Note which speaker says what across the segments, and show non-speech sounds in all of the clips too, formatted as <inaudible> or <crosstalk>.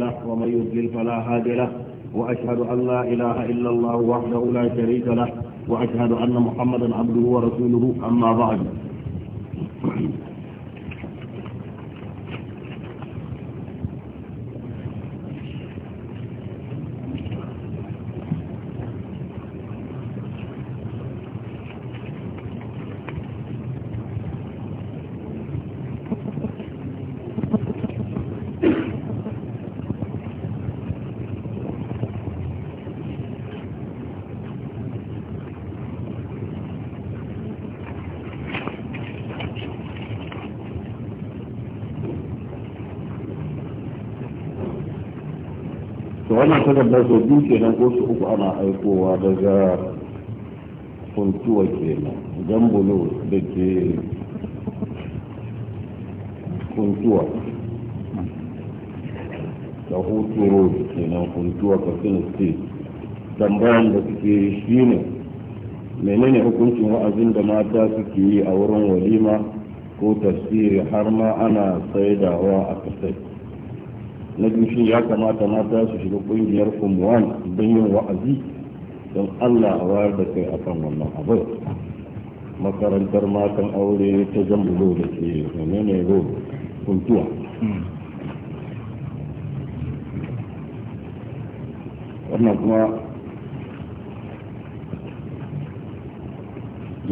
Speaker 1: له ومن يضلل فلا هادي له وأشهد أن لا إله إلا الله وحده لا شريك له وأشهد أن محمدا عبده ورسوله أما بعد wannan da sau biyu kenan ko su uku ana aikowa daga funtuwa kenan gambulo da ke funtuwa da hutu road nan funtuwa kafin state tambayan da suke shi ne menene hukuncin wa'azin da mata suke yi a wurin walima ko tasiri har ma ana saidawa a kasai na biyu shi ya kamata mata su shiga kungiyar kumwan don yin wa'azi don allah a wayar da kai akan wannan abu makarantar matan aure ta
Speaker 2: zambulo da ke ne road kuntuwa wannan kuma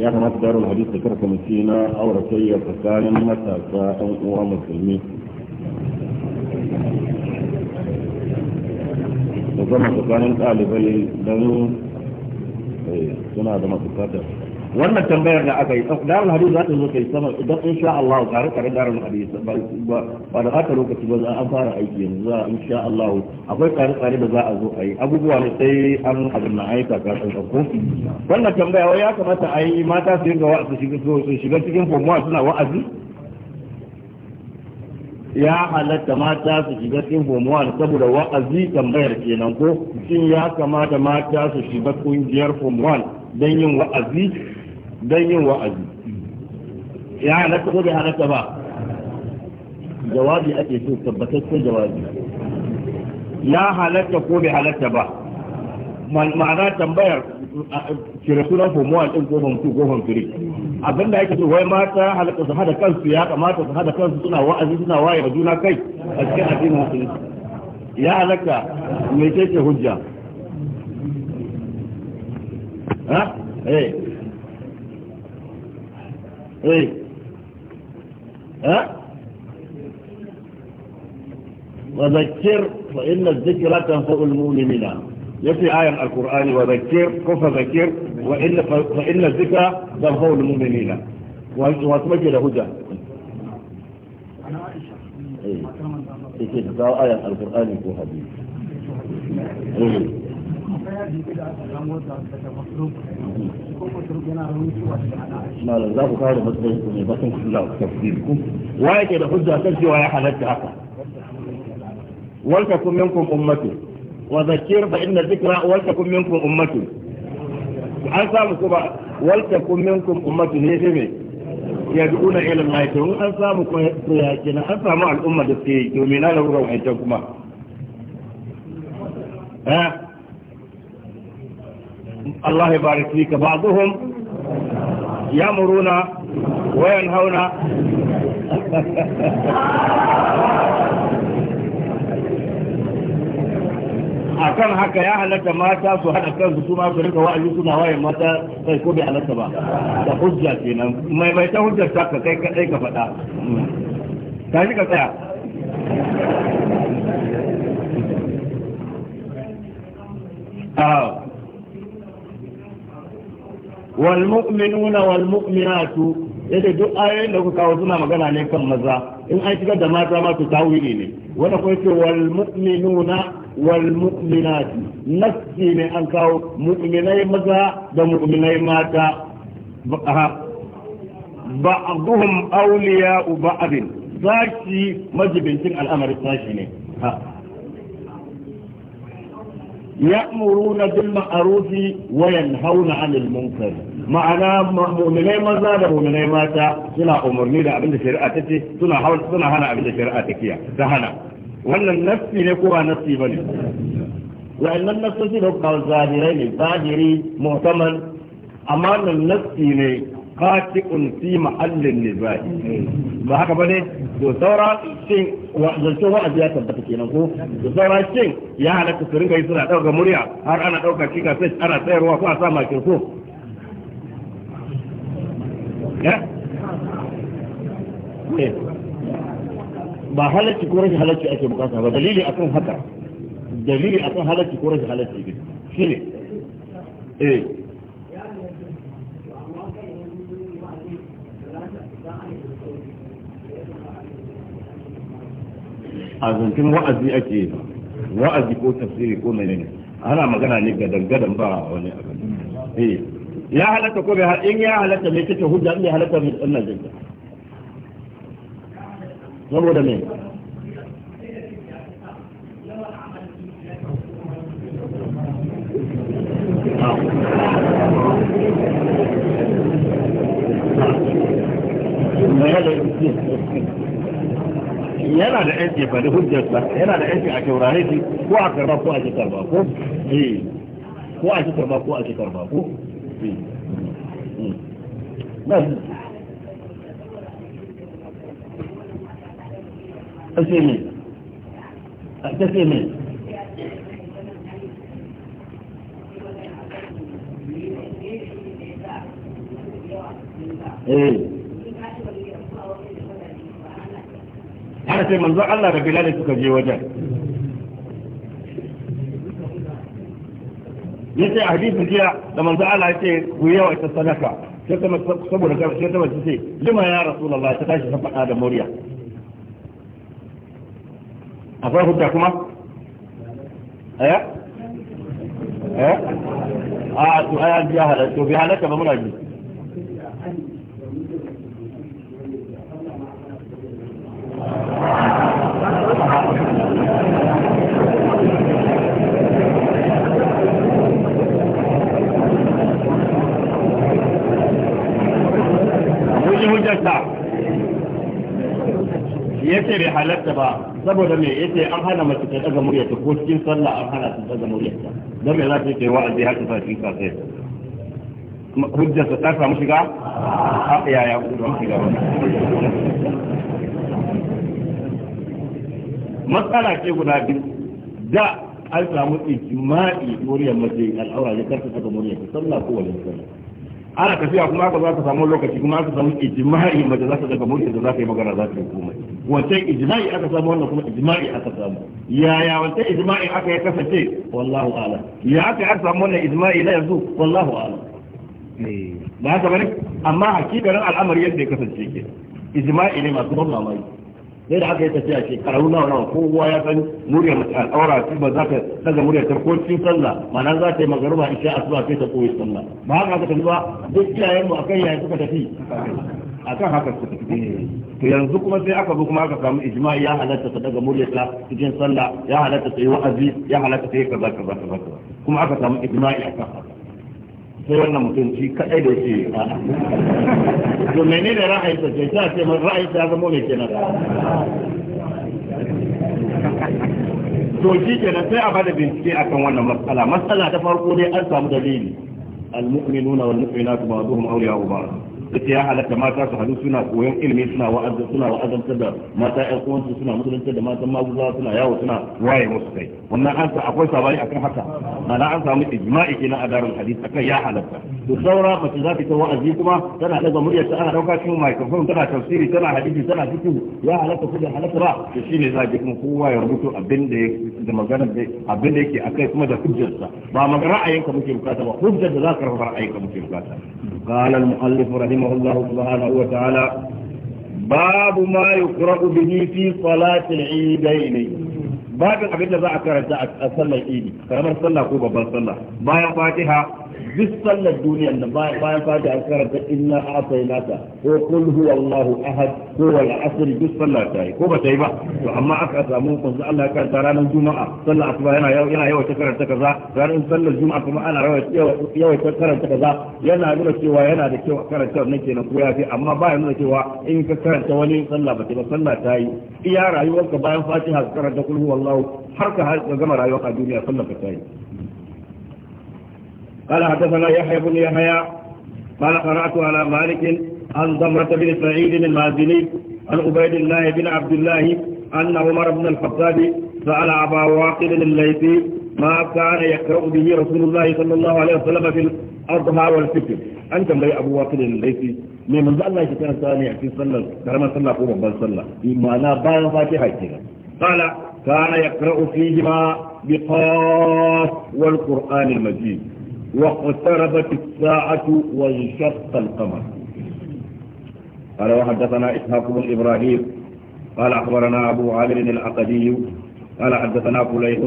Speaker 1: ya kamata darul hadis da karfa na aure tsakanin matasa 'yan uwa musulmi zama tsakanin ɗalibai don eh, suna da mafukatar wannan tambayar da aka yi oh, darul hadith za ta zo kai sama idan in sha Allah tare tare darul hadith ba da haka lokaci ba za a fara aiki yanzu za in sha Allah akwai kare kare da za a zo a yi abubuwa ne sai an abin na aika ka san ko wannan tambaya wai ya kamata a yi mata su yi ga wa'azi su shiga cikin fomuwa suna wa'azi ya halatta mata su shiga cikin homowan saboda wa'azi tambayar kenan ko shin ya kamata mata su shiga kungiyar homowan don yin wa'azi don yin wa'azi ya halatta ko bai halatta ba jawabi ake so tabbataccen jawabi ya halatta ko bai halatta ba ma'ana tambayar cire sunan form 1 din gohon form 2 ko abin da yake so wai mata halaka su hada kansu ya kamata su hada kansu suna wa'azi suna waye da juna kai a cikin addinin musulunci ya halaka me ke hujja ha eh eh ha wa zakir وذكر فإن الذكرى تنفع المؤمنين يفي آية من القرآن وذكر كفى ذكر وإن, وإن الذكرى ذرهو المؤمنين واسمك لهجة
Speaker 2: أنا أعيش إيه إيه آية,
Speaker 1: آية القرآن الكهبي إيه ويكي لحجة تجي ويحلت أكا ولكت منكم أمتي وذكر فإن الذكرى ولتكن منكم أمة سبحان سامو كبا ولتكن منكم أمة هي فيمي يدعون إلى الله يتعون أن سامو كياكنا أن سامو الأمة في جومينا لو روحي تكما ها الله يبارك فيك بعضهم يامرون وينهون <laughs> akan haka ya halatta mata su hada kan su kuma su rika wa'azi suna waye mata sai ko bai halatta ba da hujja kenan mai bai ta hujjar ta ka kai kadai ka faɗa ka shi ka tsaya والمؤمنون والمؤمنات yadda duk ayoyin da ku kawo suna magana ne kan maza in an shigar da mata ma su tawili ne wanda kuma ce wal mu'minuna والمؤمنات نفسي من أنكو مؤمني مزا ومؤمني ماتا بعضهم أولياء بعض مجبن مجبنتين الأمر الساشي يأمرون بالمعروف وينهون عن المنكر معنا مؤمنين maza da mu'minai mata suna umarni da abin da shari'a ta ce suna hana abin da wannan nafsi ne ko ba nassi ba ne wa'annan nassoci da kuma zahirai ne zahiri muhtamal amma wannan nafsi ne qati'un fi mahallin nizai ba haka ba ne to saura shin zancen wa'azi ya tabbata kenan ko to saura shin ya halatta su ringa yi suna ɗaukar murya har ana ɗauka shi ana tsayarwa ko a sa makin
Speaker 2: Yeah. ba
Speaker 1: halarci ko rashin halarci ake bukata ba dalili akan haka dalili akan halarci ko rashin halarci ne shine eh a zancen wa'azi ake wa'azi ko tafsiri ko menene ana magana ne ga dangadan ba wani abu eh. ya halatta ko bai in ya halatta mai kake hujja in ya halatta mai tsannan jinka saboda me yana da yanci ba da hujjarsa yana da yanci a taurare shi ko a karba ko a shekar ba ko eh. ko a shekar ba ko a shekar ba ko eh. hmm. Hmm. ce me ta ce manzo Allah da Bilal suka je wajen yace a hadisi jiya da manzo Allah yace ku yawa ita sadaka sai kuma saboda sai ta ce lima ya rasulullahi ta tashi ta faɗa da murya akwai hujja kuma eh eh a to ai an ya halaka to bi halaka ba muna ji hujjarsa ya ce bai halatta ba saboda me yace an hana mace ta daga murya ta ko cikin sallah an hana ta daga murya ta dan me za ta yi wa'azi haka sa cikin kafir hujja ta ta samu shiga a ya ya ku don shiga matsala ce guda biyu da an samu ijma'i muryar mace al'aura ya karta daga murya ta sallah ko wani sallah ana tafiya kuma haka za ta samu lokaci kuma aka samu ijma'i mace za ta daga mulki da za ta yi magana za ta yi komai wancan ijma'i aka samu wannan kuma ijma'i aka samu yaya wancan ijma'i aka ya kasance wallahu a'lam ya aka aka samu wannan ijma'i na yanzu wallahu a'lam eh. ba haka bane amma hakikarin al'amari yadda ya kasance ke ijma'i ne masu ban mamaki sai da aka yi tafiya ke karau nawa nawa kowa ya san murya al'aura shi ba za ka daga murya ta ko cikin sallah ma'ana za ta yi magaruba isha asuba sai ta koyi sallah ba haka aka tafi ba duk iyayen mu akan yayin suka tafi a kan haka suka tafi to yanzu kuma sai aka bi kuma aka samu ijima ya halatta ta daga murya ta cikin sallah ya halatta ta yi wa'azi ya halatta ta yi kaza kaza kaza kuma aka samu ijma'i akan haka sai wannan mutum shi kaɗai da yake a to mene ne ra'ayinsa ce ta ce mai ra'ayinsa ya zama mai kenan to shi kenan sai a bada bincike akan wannan matsala matsala ta farko dai an samu dalili al-mu'minuna wal mu'minatu ba'dhum awliya'u ba'd ita ya halatta mata su hadu suna koyon ilimi suna wa'azi suna wa'azantar da mata ƴan uwansu suna musulunta da matan maguza suna yawo suna waye musu kai wannan an sa akwai sabani akan haka mana an samu ijma'i kenan a darul hadith akan ya halatta to saura mace za ta ta wa'azi kuma tana daga muryar ta ana dauka cikin microphone tana tafsiri tana hadisi tana fiqh ya halatta ko da halatta ba to shine za ki kuma kowa ya rubuto abin da da magana da abin da yake akai kuma da hujjarsa ba magana ra'ayinka muke bukata ba hujjar da za ka rafa ra'ayinka muke bukata قال المؤلف رحمه رحمه الله سبحانه وتعالى باب ما يقرأ به في صلاة العيدين باب الحبيب لذا أكرت أصلى العيد فلما صلى كوبا بل صلى ما duk sallar duniyar da bayan fata a karanta inna a nata ko kul huwa Allahu ahad ko wal asr duk sallar ta yi ko ba ta yi ba to amma aka samu manzo Allah ya karanta ranar juma'a sallar asuba yana yana yawa ta karanta kaza ranar sallar juma'a kuma ana yawa ta karanta kaza yana nuna cewa yana da kyau karanta wannan kenan ko ya fi amma ba ya nuna cewa in ka karanta wani sallah ba ta ba sallar ta yi iya rayuwarka bayan fatiha ka karanta kul huwa Allahu har ka gama rayuwarka a duniya sallar ka ta yi قال حدثنا يحيى بن يحيى قال قرأت على مالك عن ضمرة بن سعيد المازني عن عبيد الله بن عبد الله أن عمر بن الخطاب سأل أبا واقل الليثي ما كان يقرأ به رسول الله صلى الله عليه وسلم في الأضحى والفكر أنت يا أبو واقل الليثي من من الله يشتغل ثاني في صلى كرم صلى قوم بل صلى إما أنا بان فاتحة قال كان يقرأ فيهما بقاف والقرآن المجيد واقتربت الساعة وانشق القمر قال وحدثنا إسحاق بن إبراهيم قال أخبرنا أبو عامر العقدي قال حدثنا فليح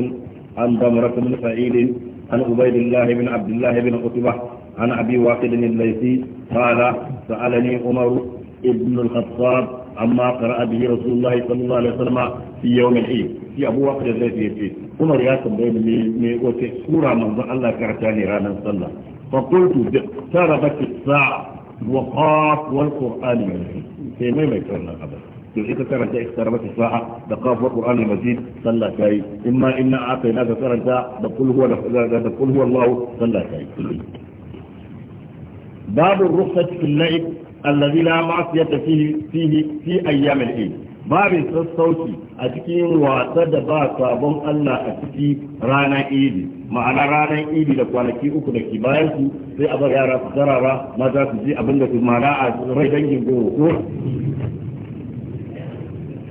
Speaker 1: عن ضمرة بن سعيد عن عبيد الله بن عبد الله بن قتبة عن أبي واقد الليثي قال سألني عمر ابن الخطاب عما قرأ به رسول الله صلى الله عليه وسلم في يوم العيد في أبو بكر الذي يسير عمر يا تنبيه وتي سورة من الله كرتاني رانا صلى فقلت اقتربت الساعة وقاف والقرآن المجيد في ما يكرنا قبل to ترى karanta iktarabati sa'a da qaf wa qur'an al-majid sallah kai imma inna atayna ka karanta da kul huwa da kul huwa Allah allazi la ma'siyata fihi fihi fi ayyamil babu sassauci a cikin wasa da ba sabon Allah a ciki ranar idi ma'ana ranar idi da kwanaki uku da ke sai a bar yara su zarara maza su ji abin da su mana a rai dangin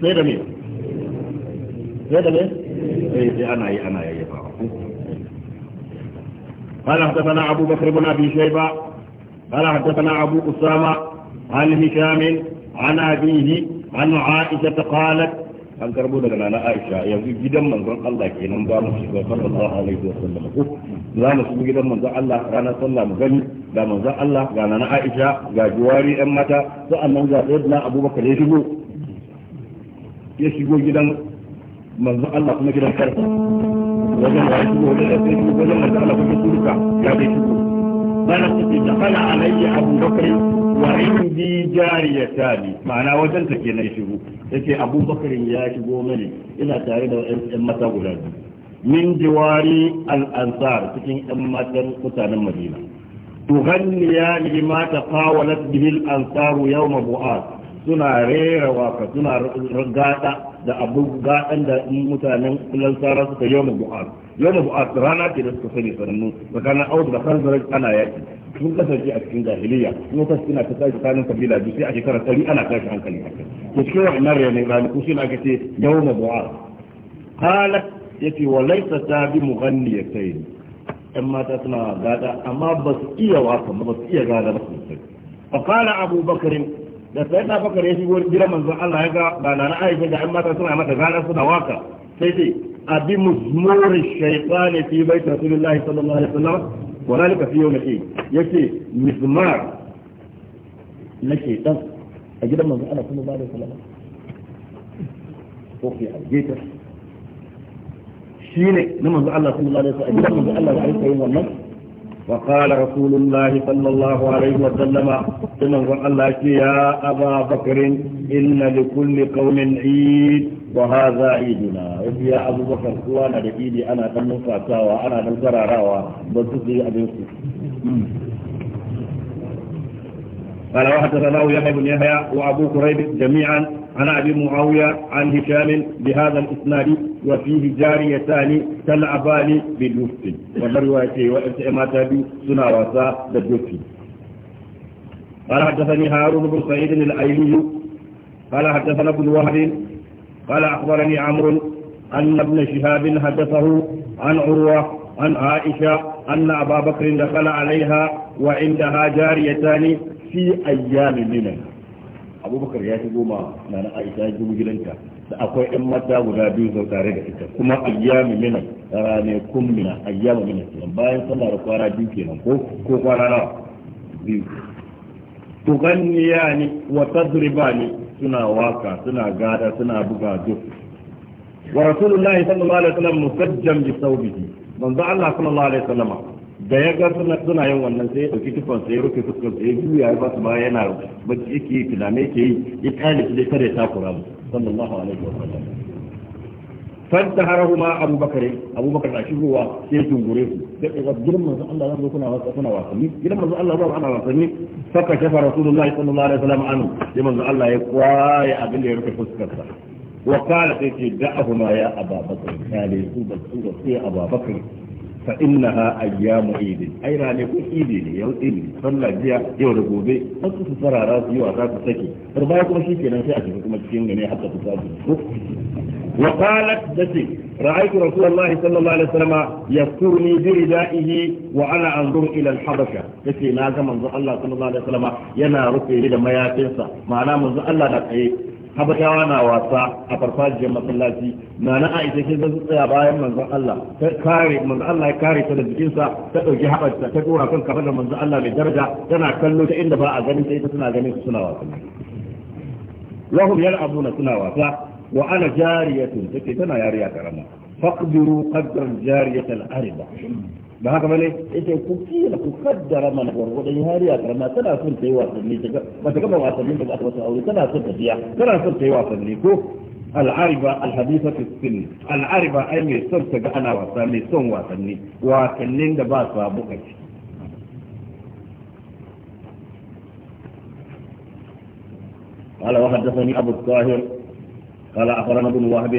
Speaker 1: sai da me sai da me eh, ana قال حدثنا أبو بكر بن أبي شيبة قال حدثنا أبو أسامة عن هشام عن أبيه عن عائشة قالت an karbo daga nana Aisha yanzu gidan manzon Allah kenan za mu shiga sallallahu alaihi wa sallam ko za mu shiga gidan manzon Allah ranar sallah mu gani ga manzon Allah ga nana Aisha ga juwari ɗan mata sa'annan ga sayyidina Abubakar ya shigo ya shigo gidan manzon Allah kuma gidan karfa wajen ya shigo ya shigo wajen manzon Allah kuma turka ya shigo balaqati dakhala alayya abu bakr wa indi jariyatan ma'ana wajen ta kenan shigo yace abu bakr ya shigo mani ina tare da yan mata guda min jiwari al ansar cikin yan matan mutanen madina tuhanniya bi ma taqawalat bihi al ansar yawm bu'ad suna rera waka suna gada da abu gadan da mutanen lansara suka yawm bu'ad yau da bu'ad rana ke da suka sani sanannu tsakanin audu da kanzarar ana yaki sun kasance a cikin jahiliya kuma ta kasance ta tashi tsakanin kabila biyu sai a shekarar tari ana tashi hankali to cikin wa'annan rayanai ko shi na aka ce yau da bu'ad halat yace wa laisa ta bi mughanniyatayn yan mata suna gada amma ba su iya waka ba su iya gada ba sosai fa kala abu bakr da sai da bakar ya shigo gidan manzon Allah ya ga ba na aisha da yan mata suna mata gada suna waka sai dai abi musmurin shaytani fi bait rasulullahi sallallahu alaihi wasallam wa zalika fi yawm al-eid mismar na shaytan a gidan manzo Allah sallallahu alaihi wasallam ko fi algeta shine na manzo Allah sallallahu alaihi wasallam a gidan manzo Allah ya yi wannan وقال رسول الله صلى الله عليه وسلم إنه الله يا أبا بكر إن لكل قوم عيد وهذا عيدنا يا أبو بكر وانا بايدي أنا دم فاتاوى أنا دم زراراوى أبو أبي قال وحدثنا يحيى بن يحيى وابو كريب جميعا عن ابي معاويه عن هشام بهذا الاسناد وفيه جاريتان تلعبان بالوفد والروايه وانتماتا سنا وسا بالوفد قال حدثني هارون بن سعيد الايلي قال حدثنا ابن وهب قال أخبرني عمرو أن ابن شهاب حدثه عن عروة عن عائشة أن أبا بكر دخل عليها وعندها جاريتان في أيام لنا أبو بكر يا تقوم أنا عائشة يجب جلنك akwai ɗan mata guda biyu sau tare da ita kuma ayyami mina ranakun mina ayyami mina bayan sallah da kwana biyu kenan ko kwana nawa biyu tuganniya ne wa ne suna waka suna gada suna buga duk wa rasulullahi sallallahu alaihi wasallam musajjam bi thawbihi manzo Allah sallallahu alaihi wasallam da ya ga suna suna yin wannan sai ya dauki tufan sai ya rufe fuskar sai ya juya ya basu ba yana bacci yake filame yake yi ya kale shi dai kare takura sallallahu alaihi wasallam فانتهرهما أبو بكر أبو بكر أشوفه وسيرتم قريب جلما الله رب كنا وكنا واصلين جلما الله رب أنا واصلين فكشف رسول الله صلى الله عليه وسلم عنه جلما الله يقوى يا أبن يرك فسكتا وقال سيتي دعهما يا أبا بكر قال يسوب السورة يا أبا بكر فإنها أيام عيد أي راني كو عيد لي يوم عيد صلى جيا يوم ربوبي بس تسرع راس يوم راس سكي ربايكم شيء كنا شيء أشوفكم أشوفكم حتى تسافر وقالت تسي رأيت رسول الله صلى الله عليه وسلم يذكرني بردائه وأنا أنظر إلى الحبشة تسي ناجا منذ الله صلى الله عليه وسلم ينا رفي لدى ما ياتيسا معنا منذ الله نقعي habatawa na wasa a farfajiyar masallaci na na aisha ce zai tsaya bayan manzon Allah ta kare manzon Allah ya kare ta da jikinsa ta dauki habarta ta dora kan kafar da manzon Allah mai daraja tana kallo inda ba a ganin ta ita suna ganin su suna wasa suna wasa وعلى جارية تكتنا يا رياك رمى فاقدروا قدر جارية الأربع بهذا ما ليه؟ إذا كثير قدر من هو يا رياك رمى تنا سنت يواصل لي ما تكما واصل لي تبقى أو ترى تنا سنت فيها تنا سنت يواصل لي العربة الحديثة في السن العربة أي من السن تقعنا واصلني سن واصلني واصلين دباس وابوكي قال وحدثني أبو الطاهر قال أخبرنا ابن وهب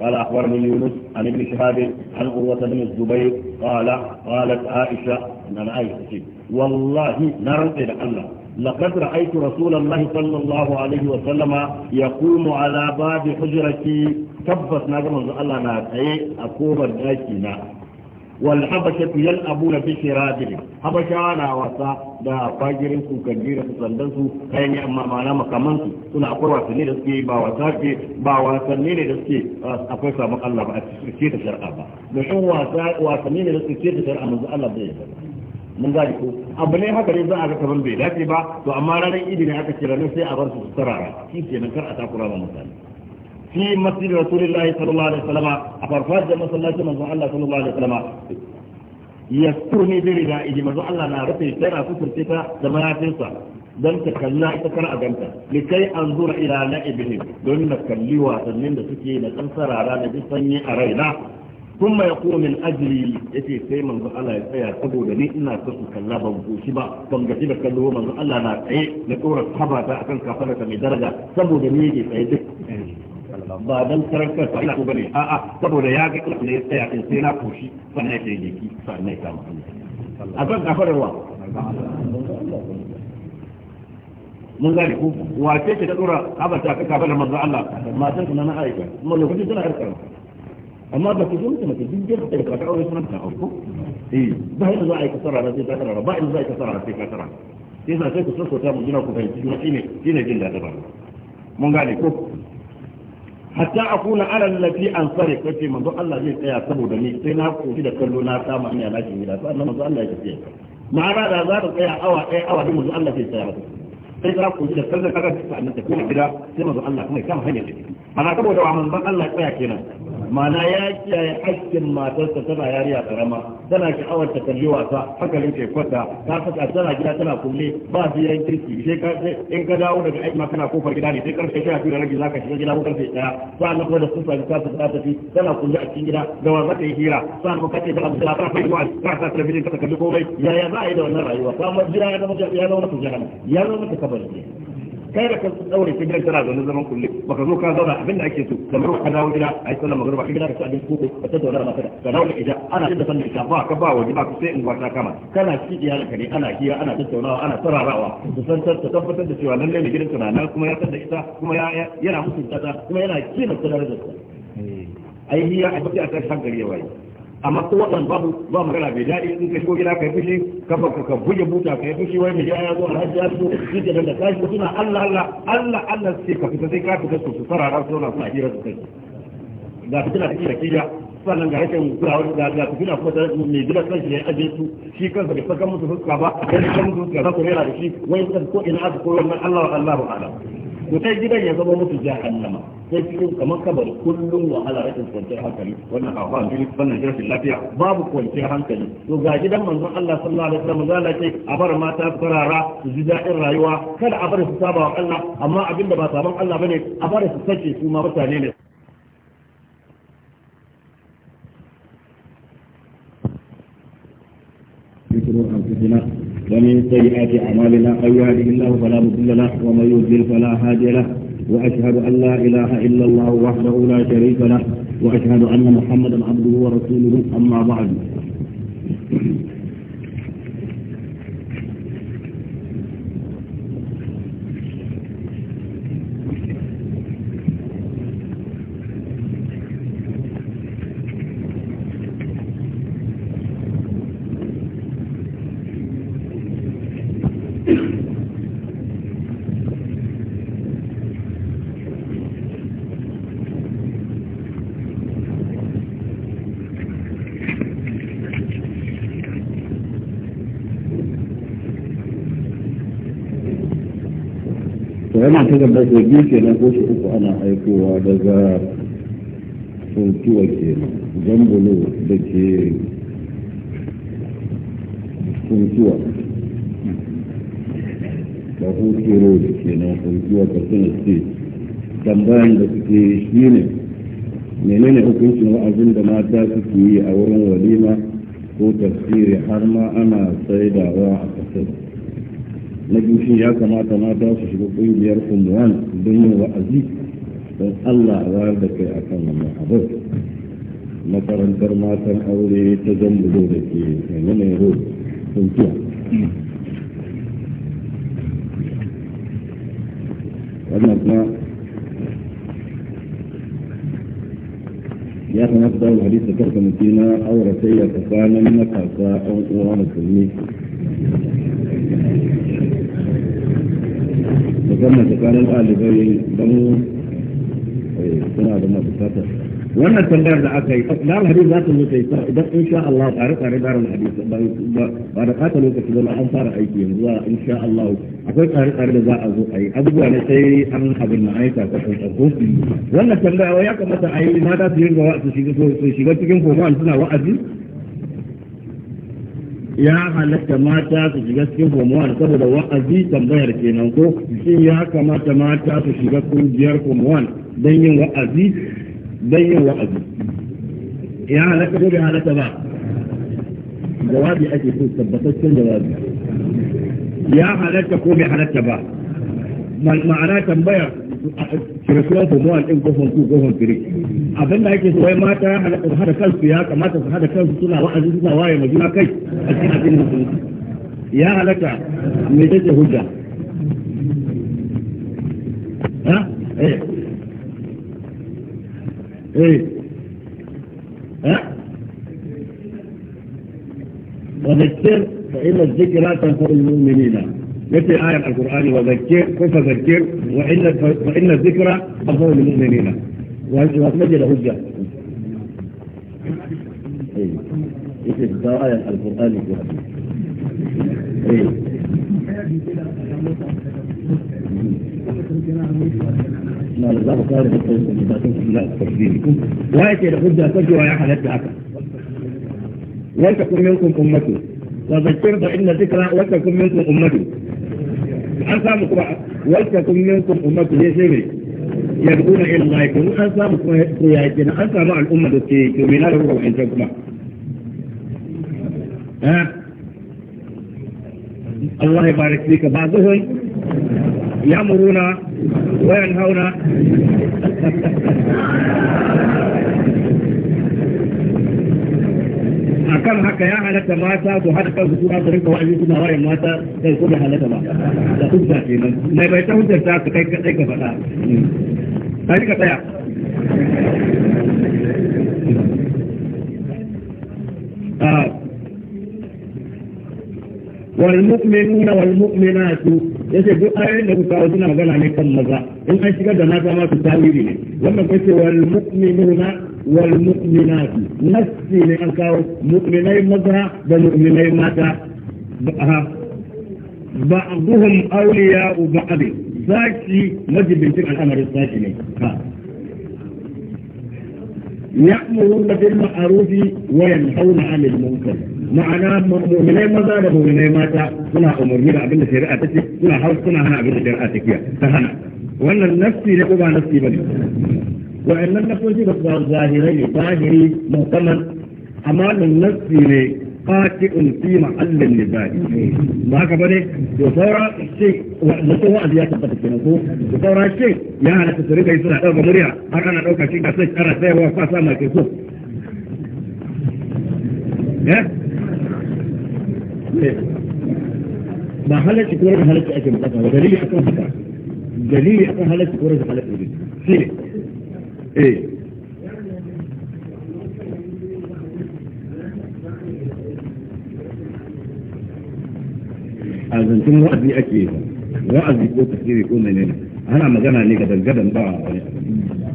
Speaker 1: قال أخبرني يونس عن ابن شهاب عن عروة بن الزبير قال قالت عائشة أن عائشة والله نرى إلى الله لقد رأيت رسول الله صلى الله عليه وسلم يقوم على باب حجرتي تبت نظر الله أي أقوم بأيتنا والحبشه يلعبون في شرابهم حبشه أنا وسا دا فاجرين سو سو سندن سو كاين يا اما معنا مكمان سو سنة في سنين دسكي با وساكي با وسنين دسكي أقوى سابق الله بأسكيت شرعا با نحو وسا وسنين دسكي كيت شرعا من الله بيه من gane ko abu ne haka ne za a ga kaman bai dace ba to amma ranar idi ne aka kira ne sai a bar su su tarara shi kenan kar a takura ba mutane fi masjid rasulillahi sallallahu a farfajiyar masallacin manzon Allah sallallahu alaihi wasallam ya turni Allah na rufe tana kusurce ta da mayafinsa don ta kalla ita kar a ganta kai an zura ila don na wasannin da suke na kan sarara na a raina kun mai kuma ajiri ya ce sai manzo Allah ya tsaya saboda ni ina ba ban da kallo Allah na tsaye akan mai daraja saboda tsaye duk ba dan sarkar ba ina ko bane a a saboda ya ga kuma ya tsaya in sai na koshi sannan ya ki sannan ya samu a kan kafarwa mun gane ku Wa ce ta dora abata ka kafa da manzo Allah matan kuma na aika kuma lokacin tana harkar amma ba ku zunta mace duk da take ka aure sunan ta ko eh ba yadda za a yi kasara na sai ka kasara ba in za a yi kasara sai ka kasara sai sai ku so ta mu jira ku fahimci kuma shine shine jin da ba mun gane ku hatta akuna ala allati ansari kace manzo Allah zai tsaya saboda ni sai na kofi da kallo na kama ina na jin gida sannan manzo Allah ya tafi ba da za ta tsaya awa ɗaya awa din manzo Allah zai tsaya sai ka kofi da kallo kaga ta annabi ta kuma gida sai manzo Allah kuma ya kama hanyar da ana saboda wa manzo Allah ya tsaya kenan Mana ya kiyaye hakkin matarsa tana yariya karama tana awar ta kalli wasa hankalin ke kwata ta saka tana gida tana kulle ba yan kirki sai ka in ka dawo daga aiki ma kana kofar gida ne sai karfe 12 da rabi zaka shiga gida ko karfe daya sa'an na kuma da sun sami ta ta tafi tana kulle a cikin gida da wa zaka yi hira sai nan kace da abu da ka ba wa ka ta bidin ka kalli komai yaya za a yi da wannan rayuwa kuma jira ya zama ya zama ta jahannam ya zama ta kabari تارك الثوري في جيل تراجع لزمن كله مخزوك هذا ضرع من عكسه لما روح هذا وجلاء عيسى لما غرب حجلاء كسأل الكوب أتدوى لنا فدا فنقول إذا أنا جدا فني كبا كبا وجبا كسيء وكا كما كان سيدي هذا كني أنا هي أنا جدا ونا أنا ترى رأوا تسنت تتفت تسوى لن لن يجري سنا أنا كما يتدى إسا كما ينا مسلم تتا كما ينا كين السلام أي هي أبقى أتاك حق اليوائي amma ko wannan babu ba magana bai daɗi in ka shigo gida kai fushi ka ka ka buje buta kai fushi wai miji ya zo alhaji ya zo shi ke da kashi suna Allah Allah Allah Allah sai ka fita sai ka fita su farara su na sa hira su kai ga fitina take da kiyya sannan ga rashin kurawar da ga fitina kuma mai gida kanshi ya aje su shi kansa da saka musu fuska ba da saka musu fuska za ku rera da shi wai ko ina aka koyar wannan Allah Allah ba'ala to sai gidan ya zama musu jahannama sai cikin kamar kabar kullum wahala rashin kwanciyar hankali wannan an jini wannan rashin lafiya babu kwanciyar hankali to ga gidan manzon Allah sallallahu alaihi wasallam zalla ce a bar mata farara su ji daɗin rayuwa kada a bar su saba wa Allah amma abinda ba saban Allah bane a bar su sace su ma mutane ne ذكر أنفسنا ومن سيئات أعمالنا أن يهده الله فلا مضل له ومن يضلل فلا هادي له وأشهد أن لا إله إلا الله وحده لا شريك له وأشهد أن محمدا عبده ورسوله أما بعد takarda ko biyu kenan ko shi uku ana aikowa daga sokiwa kenan jambulo
Speaker 2: da ke sokiwa da hukiro da kenan sokiwa ka suna ce
Speaker 1: tambayan da suke shi ne menene hukuncin wa'azin da mata suke yi a wurin walima ko tafsiri har ma ana saidawa a kasar na biyu shi ya kamata mata su shiga kungiyar kumuwan don yin wa'azi don Allah a wayar da kai akan wannan abu makarantar matan aure ta zambulo da ke yanayin road tuntuwa wannan kuma ya kamata da hadisi karkamci na aure sai ya tsakanin matasa ɗan uwa musulmi musamman tsakanin ɗalibai don eh, suna da masu fatar wannan tambayar da aka yi da alhari za ta zo ta yi sa idan insha Allah tare tare da ran hadisi ba da kata lokaci ba an fara aiki yanzu a insha Allah akwai tare tare da za a zo a yi abubuwa ne sai an abin na aika ka san tsako wannan tambaya ya kamata a yi na da su yin ga wa'azi su shiga cikin formal suna wa'azi ya halatta mata su shiga cikin homowar saboda wa'azi tambayar kenan ko shin ya kamata mata su shiga kungiyar homowar don yin wa'azi don yin wa'azi ya halatta ko bai halatta ba jawabi ake so tabbataccen jawabi ya halatta ko bai halatta ba ma'ana tambayar kirkuwa su zuwa ɗin kofar kiri abin da ake soyi mata su hada kansu ya kamata su hada kansu suna wa'azi suna waye ma juna kai a cikin abin musulunci ya halatta mai take hujja ha eh eh ha wa fa inna dhikra muminina مثل آية القرآن وذكر فذكر وإن وإن الذكرى أفضل للمؤمنين وأتمجد حجة مثل آية القرآن إيه ما لا بقارب وقت الحجة تجوى يا حالتي أكثر ولتكن منكم أمتي وذكر فإن ذكرى ولتكن منكم أمتي an samu kuma wacce kun minkum ummatu ne sai ne yad'una ila Allah kun an samu kuma ya kina an samu al'umma da ke to me da ruwa in kuma eh Allah ya barik fika ba zuhun ya'muruna wa yanhauna kan haka ya halatta mata su haɗa kan su kuma su rinka wa'azi suna wayan mata sai kuma halatta ba da hujja kenan mai bai ta hujjar ta su kai kadai ka faɗa kai ka tsaya والمؤمنون والمؤمنات يجب أن يكون هناك kuka suna magana ne kan maza in an shigar da mata والمؤمنات نفسي لأنكاو مؤمني مزرع ومؤمني ماتا بعضهم أولياء بعض ساكي مجب انتبع الأمر الساكي يأمرون بالمعروف وينهون عن المنكر ma'ana mu'minai maza da mu'minai mata suna umarni da abin da shari'a take suna hau suna hana abin da shari'a take ta hana wannan nafsi ko ba bane وإن لم نقول شيء بس ظاهرين ظاهري محتمل أمام النفس قاطع في محل النزاع ما كبره وصورة الشيء وصورة وعد يا تبت كنكو وصورة الشيء يا هلا تسرق يسرع أو مريع أنا أوكا شيء كسيج أنا سير وفا سامع كيسو ها إيه. ما هلك كورة هلك أكيد بدل دليل أكون بدل دليل أكون هلك كورة هلك بدل شيء e a zancen wa'azi ake wa'azi ko ko ana magana ne ga dangadan ba wani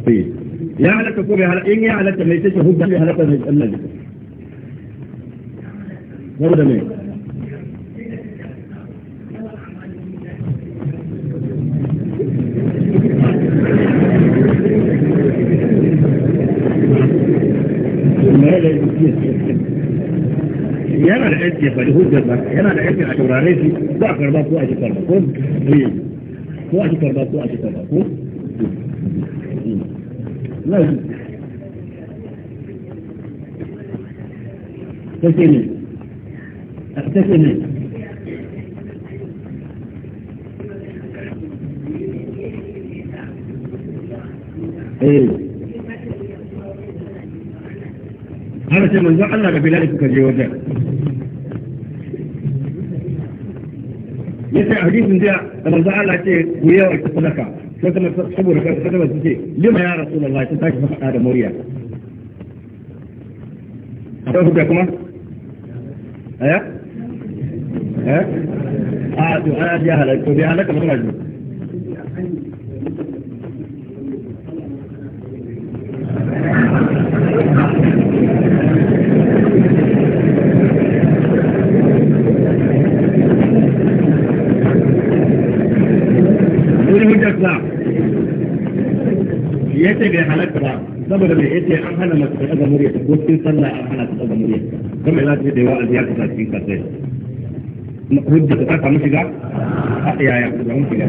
Speaker 1: eh. ya halatta ko bai halatta in ya halatta mai tace hujja bai halatta mai Allah ne da me sai ya faɗi hujjar ba yana da yakin a taurare shi ko a karba ko a shi karba ko ko a shi karba ko a shi karba ko take ne take ne
Speaker 2: eh هذا
Speaker 1: شيء منزوع الله قبل ذلك كجوزة yace hadisin da manzo Allah ce ku yawa ki sadaka sai kuma saboda ka sadaka su ce lima ya rasulullahi sai tashi faɗa da murya akwai hujja kuma aya eh, eh? a ah, to ana ah, ji halaka to bi halaka mutum saboda mai yace an hana mace ta daga murya ko cikin sallah an hana ta daga murya kuma za ta yi da yawa ya ta cikin kasai hujja ta saka mu shiga a yaya ku zama shiga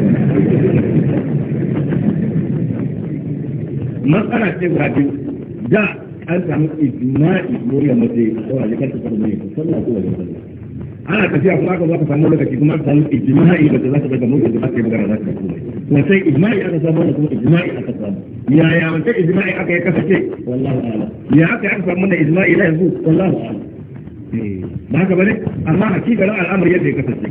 Speaker 1: matsala ce guda biyu da an samu ijma'i muryar mace a tsawaje kan ta sallah ko wajen ana tafiya kuma aka zo samu lokaci kuma ka samu ijma'i da za ka daga mu da ake magana za ka kuma sai ijma'i aka samu da kuma ijma'i aka samu ya ya wanda ijma'i aka ya kasance wallahi ya aka aka samu da ijma'i la yanzu wallahi ta'ala eh, ba ka bane amma kuma al'amari yadda ya kasance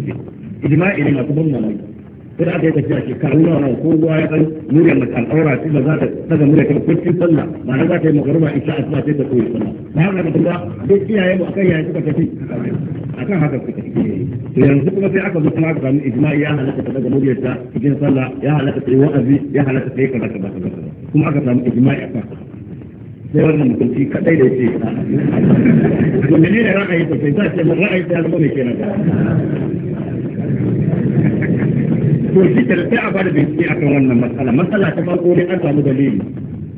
Speaker 1: ijma'i ne na kuma mamaki sai da aka yi tafiya ke karu na ko ruwa ya san murya mace al'aura ce ba za ta daga murya ta kurkin sallah ba na za ta yi magaruba isha asuba sai ta koyi sallah ba haka da kuma duk iyaye mu akan yayi suka tafi akan haka suka tafi to yanzu kuma sai aka zo kuma aka samu ijma'i ya halatta ta daga murya ta cikin sallah ya halatta ta yi wa'azi ya halatta ta yi kaza kaza kaza kuma aka samu ijma'i akan sai wannan mutunci kadai da ce to menene ra'ayi ta sai ta ce ra'ayi ta zama ne kenan to shi ta sai a fara bincike akan wannan matsala matsala ta farko ne an samu dalili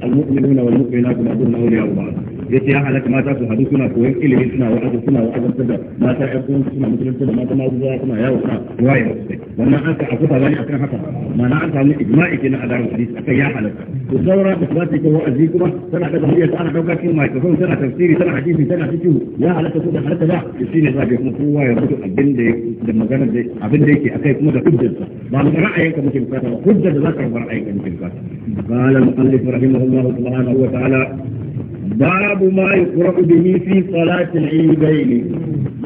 Speaker 1: al-mu'minuna wal mu'minatu ba'dhum awliya'u ba'd yace ya halaka mata su hadu suna koyon ilimi suna wa'azi suna wa'azantar da mata ƴan uwan suna musulunta da mata mazuwa suna yawo suna waye wasu wannan an ka akuta bani akan haka ma'ana an samu ijma'i kenan a daren hadisi akan ya halaka to saura da ba ta ko wa'azi kuma tana da hadiya tana dauka cikin microphone tana tafsiri tana hadisi tana fiqh ya halaka ko da halaka ba shi ne za ka kuma kowa ya rubuta abin da da magana da abin da yake akai kuma da hujjarsa ba mu ra'ayinka muke bukata ba hujjar da za ka ra'ayinka muke bukata قال المؤلف رحمه الله سبحانه وتعالى babu ma yi ƙura'u da nifi salatin idai ne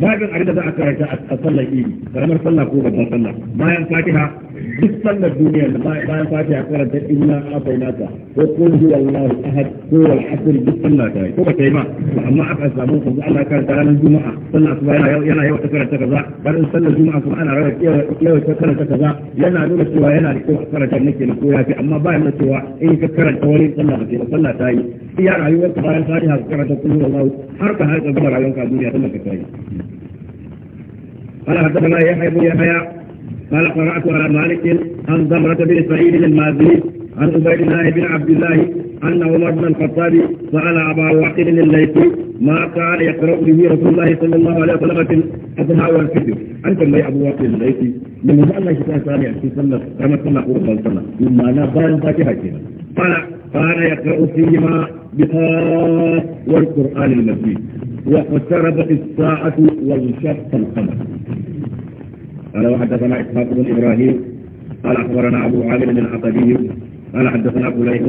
Speaker 1: babin abin da za a karanta a sallar idi karamar sallah ko babban sallah bayan fatiha duk sallar duniya da bayan a karanta a kai nata ko qul huwallahu ahad ko wal asr duk sallah ta ko kai ma amma aka samu ko Allah karanta ranar juma'a sallar asuba yana yana yau ta karanta kaza bayan sallar juma'a kuma ana rawa yawa ta karanta kaza yana nuna cewa yana da kyau karanta nake na koya fi amma bayan na cewa in ka karanta wani sallah ba sallah ta yi iya rayuwar ka bayan a karanta qul Allah har ka har ka gama rayuwar ka duniya sallar ka ta yi قال حدثنا يحيى بن قال قرأت على مالك عن زمرة بن سعيد المازني عن عبيد الله بن عبد الله عن عمر بن الخطاب سأل أبا واقد الليثي ما كان يقرأ به رسول الله صلى الله عليه وسلم أثناء والفجر أنت ما أبو واقد الليثي من هذا الله شكرا ثاني في سنة كما سنة قول صلى مما أنا بان فاتحة كنا قال كان يقرأ فيهما بقاف والقرآن المزيد واقتربت الساعة وانشق القمر قال وحدثنا إسحاق بن إبراهيم قال أخبرنا أبو عامر العقدي قال حدثنا أبو فليح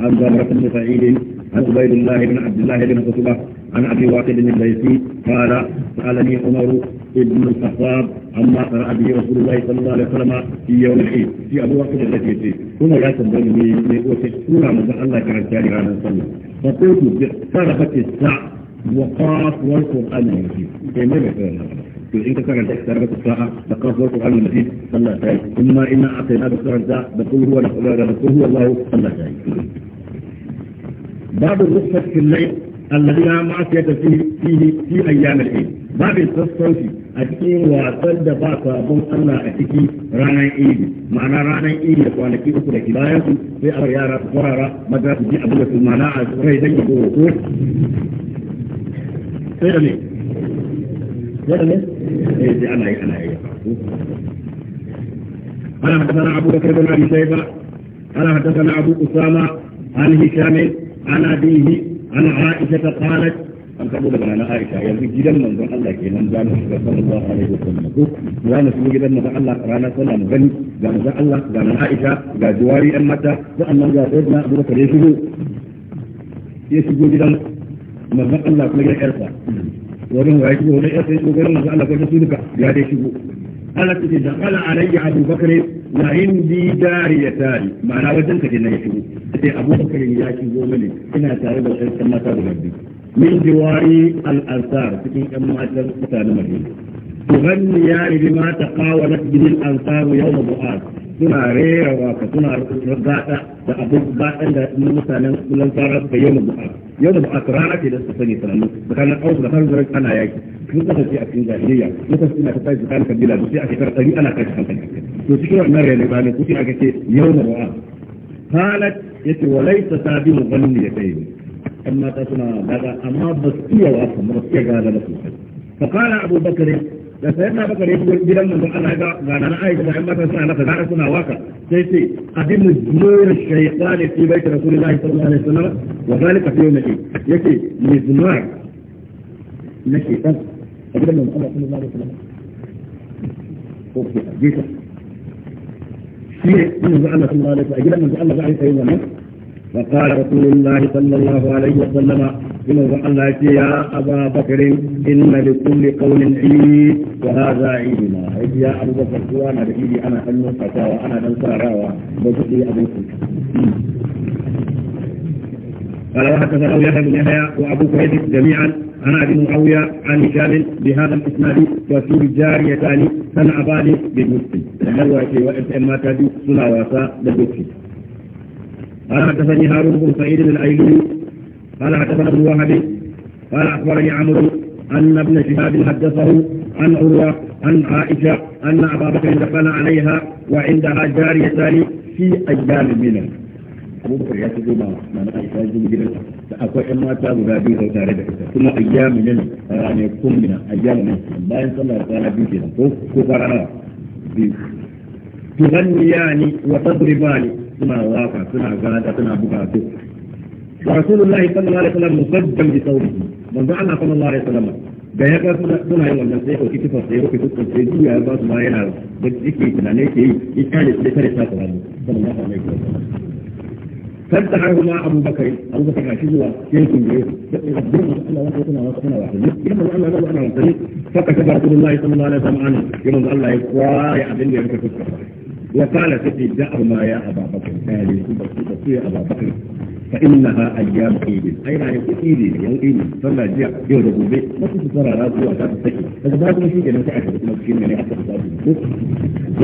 Speaker 1: عن زمرة بن سعيد عن عبيد الله بن عبد الله بن قتبة عن أبي واقد الليثي قال سألني عمر بن الخطاب عما قرأ به رسول الله صلى الله عليه وسلم في يوم العيد في أبو واقد الليثي هنا لا تنبغي وتشكر من الله كان جاري على الصلاة فقلت اقتربت الساعة وقاف والقرآن يجيب كيف ذكر انت فعلا تحترم الساعه تقرا سوره القران المجيد صلى الله عليه ثم انا اعطينا بالسؤال ده بقول هو نقول هذا بقول هو الله صلى الله عليه باب الرخصه في الليل الذي لا معصية فيه فيه في أيام العيد باب التصوفي أتكين وأتل دفع صابون الله أتكي رانا إيدي معنى رانا إيدي وأنا كي أخذ كلاية في أريارة قرارة مدرسة دي أبو لك المعنى أريد أن يقول أخوه يدلس أنا أنا أنا حدثنا أبو بكر بن أبي شيبة أنا حدثنا أبو أسامة عن هشام عن أبيه عن عائشة قالت an karbo daga nan Aisha yanzu gidan manzon Allah kenan za mu shiga sallallahu alaihi wasallam ko za shiga gidan manzon Allah ranar sallah mu gani ga manzon Allah ga nan Aisha ga juwari ɗan mata sa'annan ga na Abu Bakar ya shigo ya shigo gidan manzon Allah kuma ya yarsa wani ga shi wani ya sai kokarin da Allah kai su duka ya dai shigo Allah take da qala alayya Abu Bakr la indi dariyatan ma'ana wajen ka na ya shigo sai Abu Bakr ya shigo mini ina tare da sai mata da rabbi min jiwari al-ansar cikin ƴan matan mutanen Madina tuhanniya bima taqawalat bil ansar yawm bu'ad suna rera waka suna rubuta gada da abin gadan da mutanen kullum fara suka yau da yau da ba'a rana ce da su sani sanannu tsakanin auku da hanzar ana yaki sun kasance a cikin jahiliya mutan suna ta tsaye tsakanin kabila da sai a shekarar ɗari ana kashe hankali to cikin wannan rayuwa ba ne kuke aka ce yau da ba'a halat yace walaita sabilu ganni ya kai amma ta suna daga amma ba su iya wasa ba su iya gada da sosai فقال أبو بكر da sai na baka rai gidan manzon Allah ga gana na aisha da mata suna naka gara suna waka sai sai abin mujmur shaytan fi bait rasulullah sallallahu alaihi wasallam wa zalika fi yawm al-eid yake mujmur na shaytan a gidan manzon Allah sallallahu alaihi wasallam ko ke jita shi ne manzon Allah sallallahu alaihi wasallam a gidan manzon Allah ga aisha wannan وقال رسول الله صلى الله عليه وسلم ثم الله يا أبا بكر إن لكل قول عيد وهذا عيدنا يا أبو بكر وأنا بعيدي أنا أنو فتاوى أنا ننصاراوى بجدي أبو قال وحدثنا أبو يحيى بن يحيى وأبو كريب جميعا أنا ابي معاويه عن هشام بهذا الاسناد وفي ثاني سمع بالي بالمسلم لأنه دلوقتي وانت ما تجد سنا واسا بالمسلم قال حدثني هارون بن سعيد الايلي قال حدثنا ابن وهب قال اخبرني عمرو ان ابن شهاب حدثه عن عروه عن عائشه ان ابا بكر دخل عليها وعندها جاريتان في ايام منى abu bakar ya fito ba mana aisha ya zubi gidansa da akwai yan mata guda biyu sau tare da ita kuma ayyamu ne rane kumbina ayyamu ne bayan sallar rana biyu kenan ko ko kwana biyu tuhanniyani wa tadribani suna waka suna gada suna buga su ورسول الله صلى الله عليه وسلم مسجم بثوبه من دعنا صلى الله عليه وسلم da ya ga suna yi wannan sai ɗauki kifar sai rufe dukkan sai juya ya ba su ma yana da yake tunane ke yi in kare sai kare ta tsara ne sallallahu alaihi wasallam kan ta har kuma Abu Bakar Abu Bakar ga shi zuwa sai kun je da gurin Allah ya tuna wasu kana wasu ne kuma Allah ya tuna wasu ne saka ta Rasulullahi sallallahu alaihi wasallam yana Allah ya kwaya abin da ya rufe fuskar وقالت في ما يا أبا بكر هذه كنت يا أبا بكر فإنها أيام عيد أين يكون عيد يوم عيد فما جاء يوم ربوبي ما كنت ترى راسه وأتاك السكي هذا بعد ما شيء أنا تعرف ما تشين يعني حتى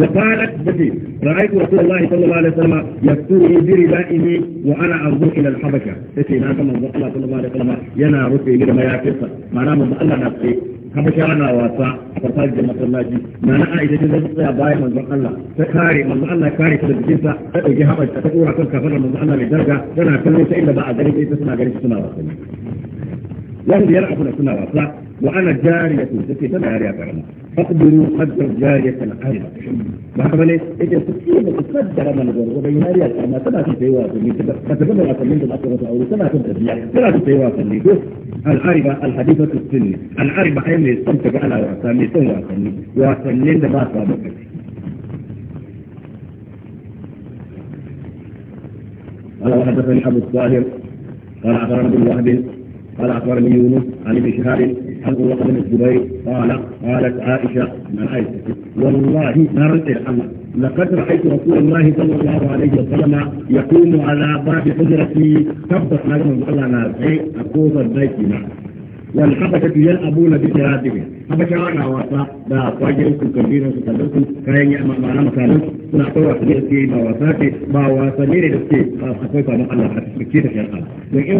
Speaker 1: وقالت بدي رأيت رسول الله صلى الله عليه وسلم يكتوني بردائه وأنا أنظر إلى الحبكة تتي ناس من الله صلى الله عليه وسلم ينا رفي لما يكفر ما نام الله نفسي kuma sha na wasa farfajiyar masallaci na na aisha ta zai tsaya bayan manzon Allah ta kare manzon Allah kare ta da jikinsa ta ɗauki haɓar ta ɗora kan kafar manzon Allah mai garga tana kallon ta inda ba a gani ta suna gani suna wasanni لن يرأف لكنا وصلا وأنا جارية ستي تبع يا فرما فقدروا قدر جارية القائمة ما قبلي إذا إيه؟ إيه ستين تقدر من الظهر وبين هاريا سما سما في سيوات اللي تتبقى أصل من الأطرة أولي سما في الأبياء سما في سيوات اللي بس العربة الحديثة السنة العربة أي من يستمتع على وعسامي سوى أصلي وعسامي لما أصابك قال وحدثني أبو الطاهر قال أخبرنا بالوحدين قال اخبرني يونس عن ابن شهاب عن ابو بن الزبير قال قالت عائشه من عائشه والله ما رجع الامر لقد رايت رسول الله صلى الله عليه وسلم يقوم على باب حجرتي تبت لكم الله نار اي اقوم بيتنا والحبشة يلعبون بشرابهم حبشة رانا واسا دا واجهوكم كبيرا ستدركم كاين يأمر معنا مثالا سنع طورة سبيرتي ما واساتي ما واسميني لسكي أخوفا ما الله حتسكتير في الآن لكن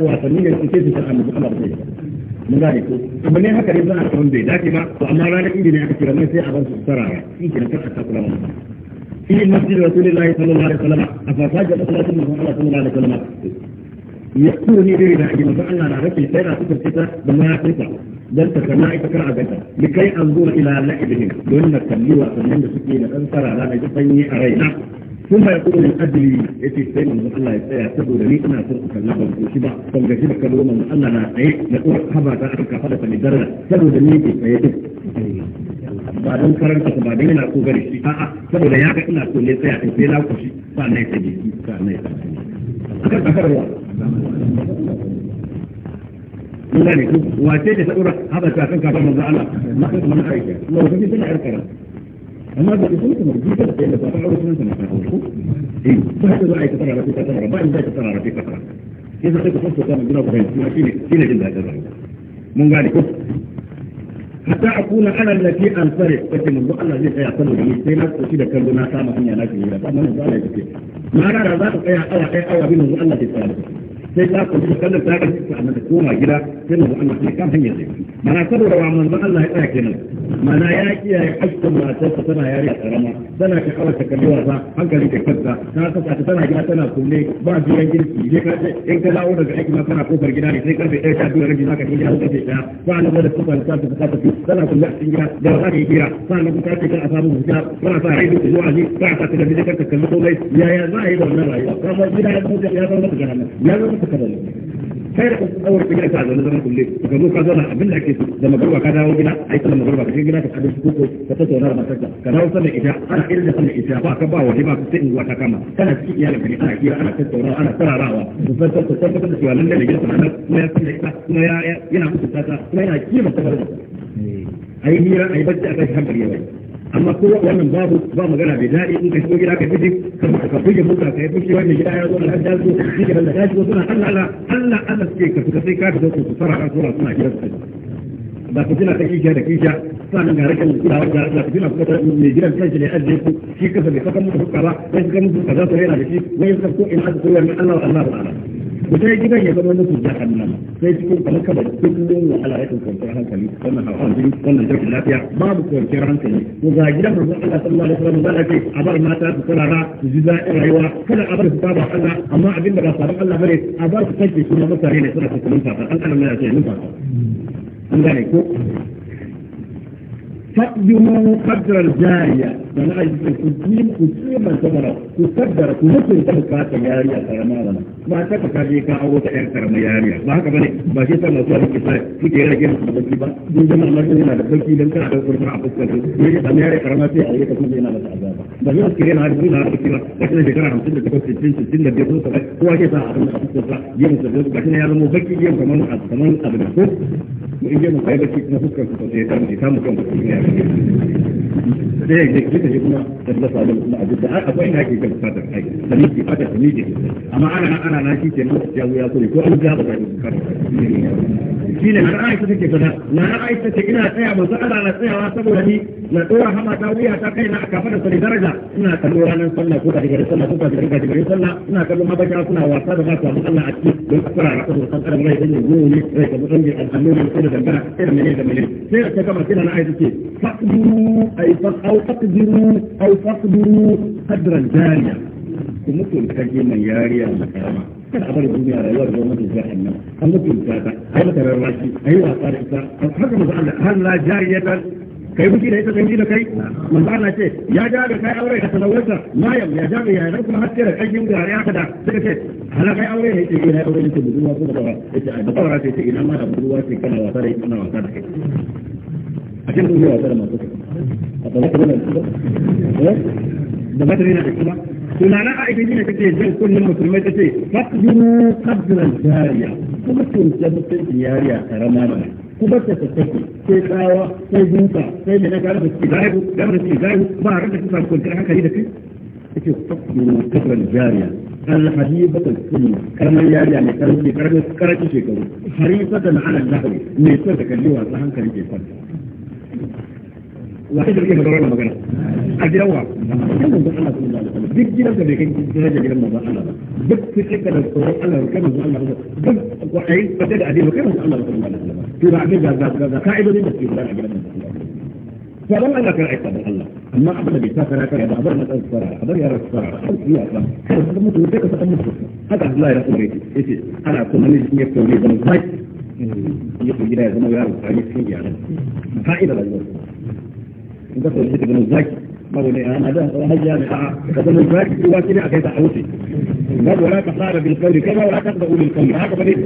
Speaker 1: واسميني لسكي ستعلم بأمر بيه من ذلك أما ليه هكا يبدأ أكثر من بيه لكن وأما رانا إيدي لأكا كرمان سيحة بانسو سرعة إيدي لكا أتاكو لما في المسجد رسول الله صلى الله عليه وسلم أفاقاج الله صلى الله عليه وسلم ya tuni dai da ake Allah na rafi sai na suka fita da mayafinsa dan ta kana ita kar a gata kai an zo ila don na kalli wa da suke da kan sarara na a raina ثم يقول من أجلي يتي سيما من الله يتبو لي أنا أترك اللغة na فنجسب كلمة من أنا لا kafa نقول حبا تأتك
Speaker 2: saboda ni ke لي فيتب
Speaker 1: ba don karanta ba don yana so gari shi a'a saboda ya ga ina so ne sai a na kushi sa na ya tafi sa na ya Allah ne wace ce ta dora haɗa ta kan kafin manzo Allah na kan kuma na aiki Allah kuma tana yarkara amma da kuma kuma jita da yadda ta aure sunan ta na aure eh ba ta zo aiki tana rafi ta tana ba in ta tana rafi ta tana yasa sai ka fasa ta mun gina ku ne shine shine jin dadin rayuwa mun gane ko hatta akuna ana lafi an tsare kake manzo Allah zai tsaya da ni sai na tsoci da kan na kama hanya na ke yi amma manzo Allah ya ce ma'ana da za ka tsaya awa ɗaya awa biyu manzo Allah zai tsaya sai za ku ji sallar ta kai ta amma koma gida sai mu Allah sai kan hanya ne mana saboda ba manzo Allah ya tsaya kenan mana ya kiyaye hakkin matar ta tana yari karama tana ka kawar ta kalliwa ba hankali ka kanta ta saka ta tana gida tana kulle ba biyan girki je ka in ka dawo daga aiki ma kana kofar gida ne sai karfe 1 ta dora rabi zaka gida ka ce ta ba na da kuka ta ta ta tana kulle a cikin gida da za ka yi gida ba na kuka ce ka a samu huta ba sa raidu ku zuwa ni ba ta ta da ka ta kalli komai yaya za a yi da wannan rayuwa kuma gida ya zama da ya zama da haka kai da kuka tsawar ka gida ka zaune zaman kulle ka zo ka zauna abin da ake so da magarba ka dawo gida ai kana magarba ka gida ka abin ko ko ka tattauna da matarka ka dawo sallar isha ana irin da sallar isha ba ka ba waje ba sai in wata kama kana ciki iyalin ka ne ana kira ana tattauna ana tararawa ku san ta tabbatar da cewa lalle da gida sanan kuma ya san ita kuma ya yana mutunta ta kuma yana kima ta
Speaker 2: eh.
Speaker 1: yi hira ai bacci akan hankali amma kowa wannan babu ba magana bai daɗi in ka shigo gida ka fiji ka fige mota ka yi fushi wani gida ya zo da hajjar su shi ke da shigo suna Allah Allah Allah Allah suke ka fita sai ka fita su fara ka sura suna gida su ba ku tana ta kishiya da kishiya sannan ga rikin da ba ku tana ku ta ne gidan kanshi ne ajiye ku shi kasa bai saka muku hukka ba sai saka muku kaza sai yana da shi wai saka ko in aka koyar Allah Allah Allah mutane gidan ya zama nufin ya kan nan sai cikin kalaka da kullum wahala ya kan kwanciyar hankali wannan hawan jini wannan jirgin lafiya babu kwanciyar hankali ko ga gidan manzon Allah sallallahu alaihi wasallam da ake a bar mata su karara su ji rayuwa kada a bar su saba Allah amma abin da ba sabon Allah bane a bar su kanke su mutane ne suna kusurin fata an kana ya ce yin an gane ko fadimu qadra jariya da na aiki ku ji ku ce man sabara ku kaddara ku mutu ta bukata yariya karama da nan ba ta ka kaje ka awo ta yar karama yariya ba haka bane ba shi sallah zuwa kike sai kike rage da baki ba duk da Allah yana da baki dan kana da kurma a fuskar ku ne da yariya karama sai a yi ta kuma yana da azaba ba zai kire na hadisi na kike ba kace da kana 50 da 60 60 da 50 da ko ake sa a kuma fuskar sa yin da ba kana ya zama baki yin kaman kaman abu da ko in je mu kai baki kuma fuskar ku sai ta mu ta mu kan ku ne sai ka kuma da Allah sa da kuma a jidda akwai ina ke kan fatar ai da ni ke fatar ni ke amma ana ana na shi ke nan ya zo ya ko an ga ba ka shi ne har aisha take fada na har aisha take ina tsaya manzo Allah na tsayawa saboda ni na dora hama ta wuya ta kai na aka fada sai daraja ina kallo ranar sallah ko da daga sallah ko da daga daga sallah ina kallo mabaka suna wasa da zaka mu Allah a cikin don tsara raka da san karam rai da ne ne rai da mutum da annabi ne ko da dangana sai da menene da mene sai ta kama kina na aisha ce faqdiru ay faq au faqdiru au faqdiru qadran jariya ku mutunta mai yariya da karama kada a bari duniya rayuwa da gwamnati da an mutum ta ta ai mata rarrashi ai wasa da ita haka har la kai miki da ita kai da kai manzo Allah ce ya ja da kai aure ka tazawwaja mayam ya ja da ya har da da ce hala kai aure ne budurwa ko da ba a da fara sai ce ina ma da budurwa ce kana wasa da kana wasa da kai a cikin duniya da masu a eh? da da da kuma tunanin a ita gina kake jin kunnen musulmai ta ce fasiru kabdiran jariya kuma tunce mutum jariya karama ba ku bar ta tafi sai tsawa sai duka sai mai naka da suke zaihu da da suke zaihu ba a rika su samu kwanciyar hankali da kai take fasiru kabdiran jariya الحبيبة السنة كما يالي عن الكرم كرم كرم شيء كرم حريصة على النحو من سرك اللي هو صحن كريم wani jirgin da zaune magana a gidan wa kan manzon Allah sallallahu alaihi wasallam duk gidan da bai kai daraja gidan manzon Allah ba duk cikin da tsoron Allah kan manzon Allah ba duk wa'ayi ba da addini kan manzon Allah sallallahu alaihi wasallam to da abin da da da ka'idodin da ke da a gidan manzon Allah فلم أنا كان عيسى بن الله أما قبل أبي سافر كان يبقى أبر مسألة الصلاة أبر يا رب الصلاة أبر يا رب تموت ويديك ستموت هذا عبد الله يقول لي إيش أنا أقول لي اسمي يقول لي بن زيد يقول لي يا زلمة يا رب فائدة لا يوجد دخل الحته بن الزكي قالوا لي انا ده هيا بن الزكي هو كده كده حوتي قال ولا تقار بالقول كذا ولا تقبل بالقول هذا بدي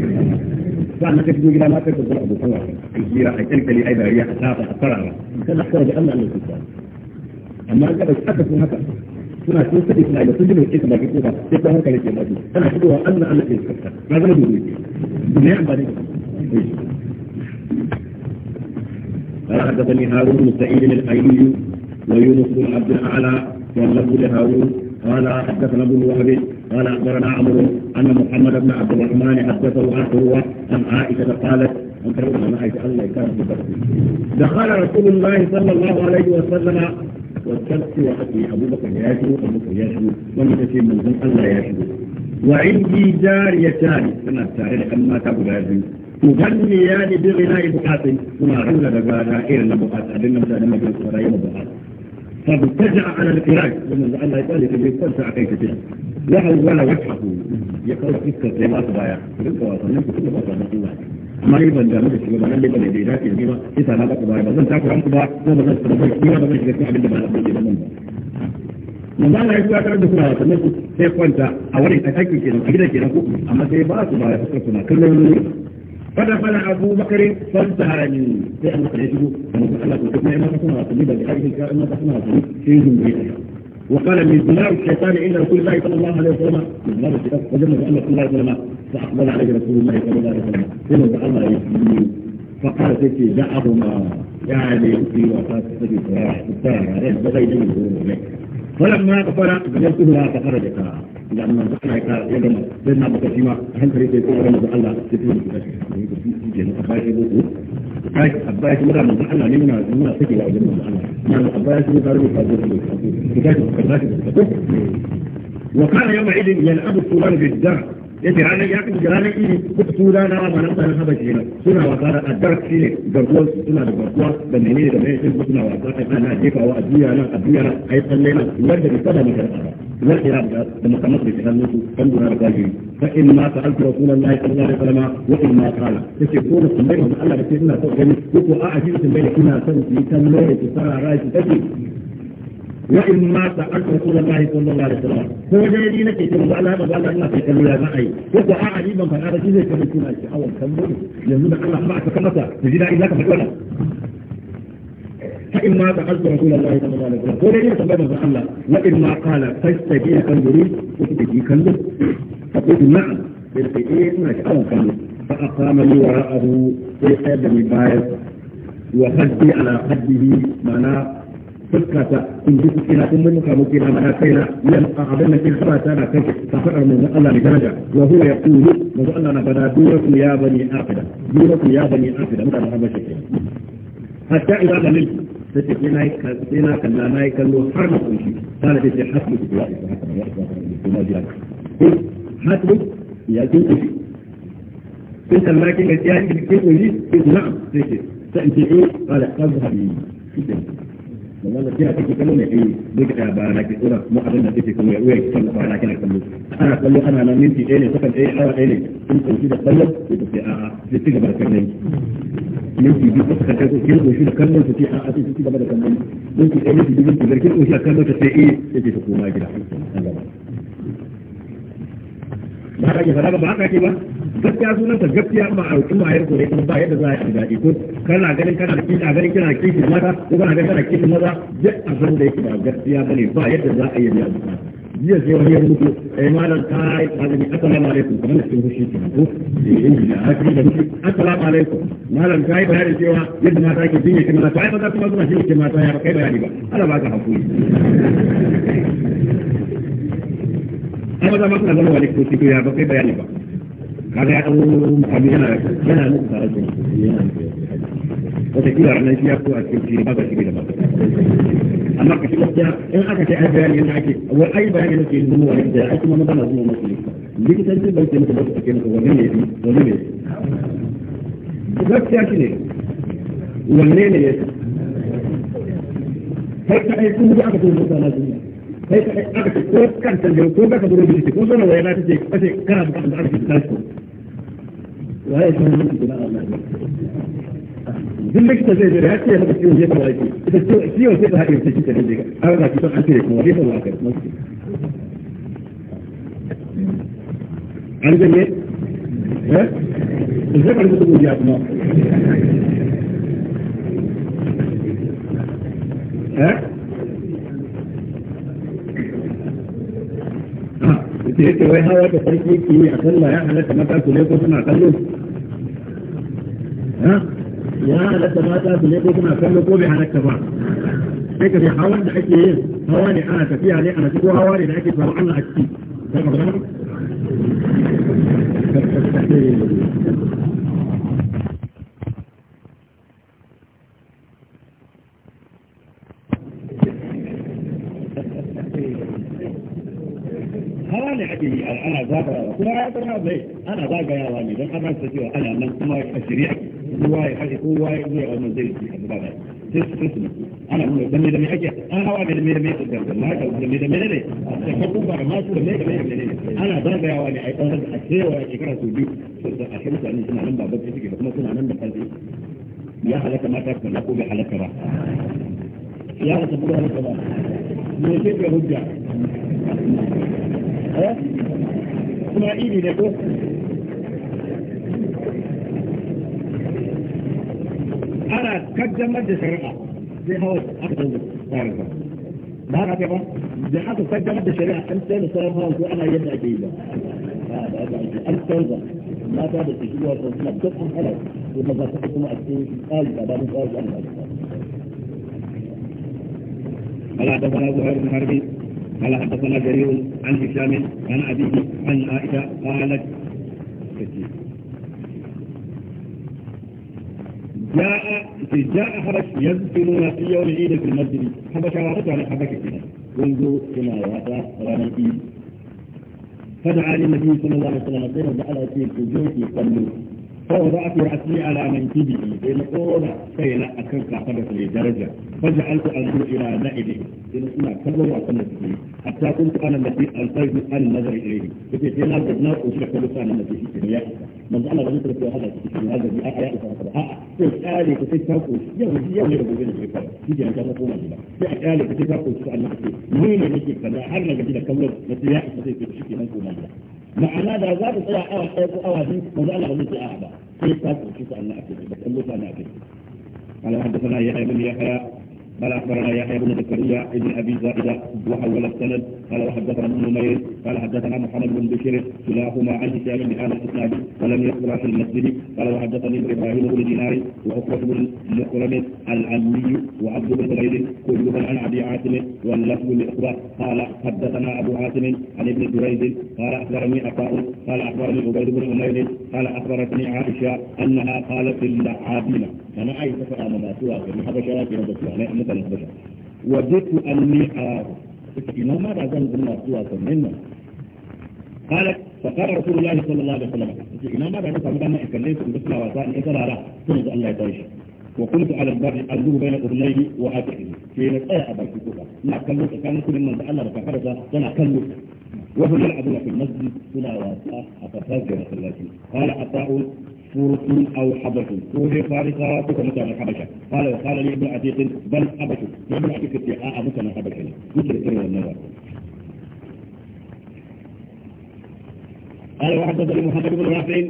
Speaker 1: فانا كيف بيجي لا تقبل ابو طلع الجيره حيتلك لي اي بريه حسافه اقرا كان احتاج ان انا اما انا بتحدث من هذا suna sun sadi suna da sun ji mai kisa baki kuka sai ta hankali ke baki tana fitowa Allah Allah ke kasa na zama dubu ne ne amfani da قال حدثني هارون بن سعيد الحيي ويونس بن عبد الاعلى واللفظ لهارون قال حدثنا ابو الوهب قال اخبرنا عمرو ان محمد بن عبد الرحمن حدثه عن عروه عن عائشه قالت دخل رسول الله صلى الله عليه وسلم والشمس وحكي ابو بكر ياشو ابو بكر ياشو ومن تشي منهم الله ياشو وعندي جاريتان انا تعرف ان ما تبغى muganni ya ne bi rina ibu hasin suna rura da gada irin na bukata abin nan da na su rayu na bukata sabu taja ala al-qira'i wannan da Allah ya tsare ka bai kwanta akai ka tira ya hawwala wajhahu ya kawo iskar da ba baya duka wasannin ku kuma ba na Allah amma ni ban damu da shi ba nan ne bai da dace ne ba isa na ba ku ba zan takura ku ba ko ba zan tsara ba ba zan shiga cikin abin da ba na ba nan ba manzo Allah ya tsakar da kuna sannan sai kwanta a wurin aikin kenan a gidan kenan ko amma sai ba su ba ya fuskar suna kallon فدخل أبو بكر فانتهاني في أن تحجبوا أن تخلقوا كما إما تصنع صليبا لهذه الكائمة تصنع صليب في جمهوريتها وقال من ذناب الشيطان عند رسول الله صلى الله عليه وسلم من ذناب الشيطان وجمع بأن رسول الله صلى الله عليه وسلم فأقبل عليه رسول الله صلى الله عليه وسلم ثم دخل المسلمين فقال سيدي دعهما يعني في وفاه سيدي فراح تتابع بدأ يجمع ولما كفر جلته لا تخرجك لما ذكرك يدنا لنا بكثيما هل تريد يكون رمز الله تكون جنة خاشي بوكو هاي أبايك مرة من الله لمنا لمنا سكي لأجل من الله نعم أبايك مرة من الله وكان يومئذ يلعب السلام بالدرع yace ranar ya kan ranar iri nan suna wasa da addar shine suna da garkuwa da menene da menene suna wasa da ana jefawa a duniya nan a duniya nan ai tsalle nan wanda bai sada ne karfa zan kira da da makamat da kan nusu kan da in ma wa in ma ko da Allah da ke so gani ko a ajin tambayar ina son ki tambayar ki sarara ki وإن ما سألت رسول الله صلى الله عليه وسلم هو جاي لك يقول الله ما قال الله في كلمة ما أي يقول أعني من فعل شيء زي كذا كذا أول كمل يزيد الله ما تكلمت تزيد إلا كفكنا فإن مات أن رسول الله صلى الله عليه وسلم هو جاي لك يقول الله وإن ما قال فاستجيب كنبري وتجي فقلت نعم إيه ما أول فأقام لي وراءه في قدمي بايع وخدي على خده معناه fuskata in ji kina in mun kamu kina mana kaina yan abin da kin fara tana kai ka fara mun Allah ne daraja wa huwa yaqulu manzo Allah na fada duraku ya bani afida duraku ya bani afida mutane haba shi hatta idan da min sai ke nayi sai na kalla nayi kallo har na kunshi kana da hasbi da ya haka ya haka hasbi ya kunshi sai kalla kin ga ya kin kunshi na'am sai ce sai ce eh qala fadhhabi wanda kina kake kallo ne eh duk da ba na ki tsora mu abin da kake kallo ya uye kallo ba na kina kallo ana kallo ana nan minti ɗaya ne sakan ɗaya ana ɗaya ne kun koshi da kallo ko ta a a ci gaba da kallon minti biyu ko sakan kai ko kin koshi da kallo ta ce a a ci gaba da kallon minti ɗaya minti biyu minti biyar kin koshi da kallo ta ce eh sai ta koma gida an gaba ba ka ke fada ba haka ke ba gaskiya sunan ta gaskiya ba a rukin ba yarko ne kuma ba yadda za a yi daɗi ko kana ganin kana a ganin kana kishi mata ko kana ganin kana kishi maza duk abin da yake ba gaskiya bane ba yadda za a yi biya jiya sai wani ya rubuto eh malam kai malami assalamu alaikum kamar cikin fushi kenan ko eh inda hakuri da mutum assalamu alaikum malam kai bayani cewa yadda mata ke jinya kuma ta ai maza kuma suna jinya mata ya ba kai bayani ba ala ba ka hakuri ai maza ma suna zama wa likitoci to ya ba kai bayani ba kaga ya ɗau mukami yana yana nuka tare da wata kila ranar shi ya ko a cikin shi ba ka shi da ba amma ka shiga ya in aka kai ai bayani yadda ake wai ai bayani nake yin zama wa likita ai kuma magana zuwa masu likita likitanci bai ce maka ba su ake maka wani ne wani ne gaskiya shi ne wanne ne ya kai ka ai kun ga aka ce mutane su sai ka aka ko kan ko ka bilisi ko zo na wayana kana bukatar da ko san Allah duk likita zai da ya ce maka ciwon ita ciwon haɗe ta har an kuma dai tawa ka an eh zai karbi kuma eh da yake wai hawa da sarki yake yi a sallah ya halatta mata su ne ko suna kallo ya halatta mata su ne ko suna kallo ko bai halatta ba sai ka hawan da ake yin hawa ne ana tafiya ne ana ko hawa ne da ake samu Allah
Speaker 2: a ciki ne ake yi ana zagayawa kuma ya
Speaker 1: tsara zai ana zagayawa ne don ana sa cewa ana nan kuma a shirya kowa ya haɗe kowa ya zuwa wannan zai ci a gaba da sai su ana nuna dame dame ake an hawa da dame dame da gangan na da dame dame ne da kakun ba da masu dame dame ne ana zagayawa ne a yi ɗan a cewa ya shekara su biyu sai a shirya ne suna nan babar ciki da kuma suna nan da kansu ya halaka mata kalla ko bai halaka ba ya halaka ko bai halaka ba
Speaker 2: me ke hujja ها اسماعيلي لكم
Speaker 1: أنا قدمت بشريعة دي هو أفضل تعرفة ما هذا بقى دي حتى قدمت بشريعة أنت لصارها وأنا يبدأ جيدا أنت تلقى ما بعد التجوع والسنة بتفهم حلو ومزاقتكم أكتب قال بعد قال قال قال قال قال قال قال قال حدثنا جرير عن هشام عن أبيه عن عائشه قالت جاء جاء حبش يذكرون في يوم العيد في المسجد حبش وعرفت على حبش كده منذ كما وعد رانا فدعا للنبي صلى الله عليه وسلم قال دعا في وجوهه صلوا فوضعت رأسي على منكبه بين قولة سيلا أكن كافدة لدرجة فجعلت أنظر إلى نائبه إلى سنة كبر وأقل حتى كنت أنا الذي ألقيت أنا النظر إليه فكي سيلا بدنا أشرك كبسة أنا الذي إسمي من قال لم يترك هذا في هذا في أحياء فرصة آه قلت آلي كتير تاكوش يوم يوم يربو بين الشيطان يجي أن كان يقوم بنا في آلي كتير تاكوش أنا كتير مين يجي كذا هل نجد كبر نتيجة نتيجة شكي نقوم بنا ma'ana da za ta tsaya awa ɗaya ko awa biyu manzo a ba zai a ba sai ta tsoki sa Allah a cikin da kallon sa na cikin قال ya يحيى بن يحيى قال اخبرنا يحيى بن زكريا بن ابي زائده وحول السند قال وحدثنا ابن نمير قال حدثنا محمد بن بشير كلاهما عن هشام بهذا الاسناد ولم يذكر في المسجد قال وحدثني ابراهيم بن دينار وعقبه بن مكرم العلمي وعبد بن زيد كلهم عن ابي عاصم واللفظ لاخبه قال حدثنا ابو عاصم عن ابن جريج قال اخبرني عطاء قال اخبرني عبيد بن عمير قال أخبرتني عائشة أنها قالت للعابلة أنا عائشة فأنا ما سوى في الحبشة في نبسوة أنا أمت الحبشة وجدت أني أراه إنه ما بعد ذلك ما سوى منه قالت فقال رسول الله صلى الله عليه وسلم إنه ما بعد ذلك ما إكلمت بسنا وسائل إكلا لا سنة الله يتعيش وقلت على البر أرجو بين أذنيه وأكله في نسأل أبا كتوبة ما كلمت كان كل من تألم فقرد سنة كلمت وهو يلعب في المسجد سنة واسعة أتفاجر الثلاثين قال عطاء فرس أو حبش وهي رأسك كمثال حبشة قال وقال لي ابن عتيق بل حبش ابن عتيق ادعاء آه، مثلا حبشة مثل كلمة النوى قال لي محمد بن رافع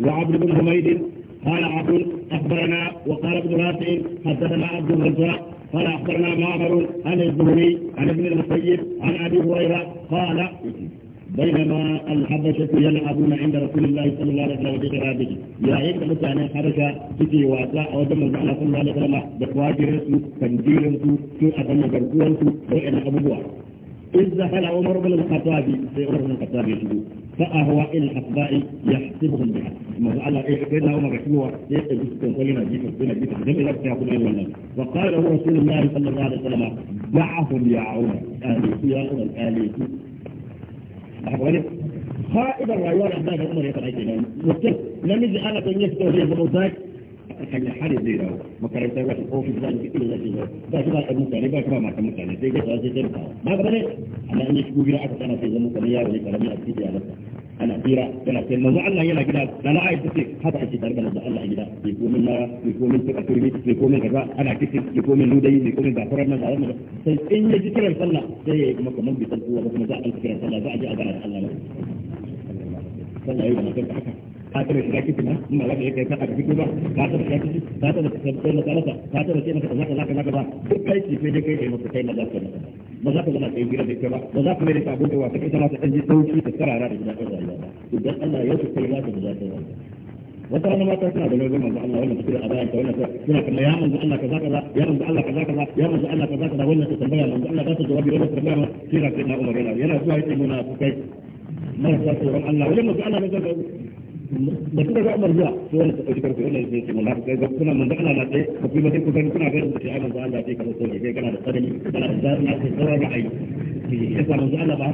Speaker 1: وعبد بن حميد قال عبد أخبرنا وقال ابن رافع حدثنا عبد الرزاق قال أخبرنا معمر عن الزهري عن ابن المسيب عن أبي هريرة قال بينما الحبشة يلعبون عند رسول الله صلى الله عليه وسلم بغرابه يا إن متعنى الحبشة تجي واسع أو دم المعنى صلى الله عليه وسلم بخواجرسه تنجيرسه سوء دم جرقوانسه وإن أبوه إذ دخل عمر بن الخطاب في عمر بن الخطاب يشبه فأهواء إلى الأطباء يحسبهم بها ما قال إيه سيدنا عمر يحسبوها تقولنا جيت تقولنا جيت جمع لك تأخذ إيه ولا فقال له رسول الله صلى الله عليه وسلم دعهم يا عمر آلي يا عمر آليك أحوالك خائبا رأيوان أحباب عمر يتعيش مستف لم يجي أنا تنيس توجيه بموتاك kan ya har zai dawo makaranta za ta ofis za ta kila za ta zo ba ta ba ta mutane ba ta ba mata mutane sai ga sai ta kawo ba ga bane amma in shi gura aka kana sai zama kamar yaro ne karami a cikin yalansa ana tsira yana sai manzo Allah yana gida da na ayyuka ce haka ake tare da manzo Allah gida bai komin na bai komin tuka turmi bai komin kaza ana kitin bai komin ludayi bai komin gafarar nan da wannan sai in ya ji kiran sallah sai ya yi kuma kamar bai san kowa ba kuma za a kiran sallah za a ji a ga Allah sallah yayi da mutum haka ka taba shiga kiti na in malaka ya kai ka a kiti ba ka taba shiga kiti ka taba kai maka maka ka taba kai maka zaka k'a zaka ba duk kai ki sai kai kai maka ka ba za ka zama kai gida da kai ba ba za ka mai da abin da wa kai kana ji sauki ta karara da gida kan rayuwa ba idan Allah ya kai za ka zaka ba wata rana mata suna da gaban manzo Allah wannan tafiya a bayan ta wannan suna kallon ya manzo Allah kaza kaza ya manzo Allah kaza kaza ya manzo Allah kaza kaza wannan ta tambaya manzo Allah ta jawabi wannan tambaya shi ga na Umar yana yana zuwa yake muna kai marasa tsoron Allah wajen manzo Allah ne zai da kuma ga Umar zuwa wannan zai ce ga kuna mun na kuna ganin da shi Allah kai kana da kana da na ra'ayi eh, Allah ba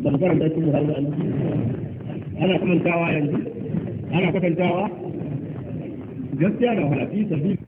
Speaker 1: haka ba karanta Allah ana kamantawa yanzu ana kwatantawa gaskiya wahala fi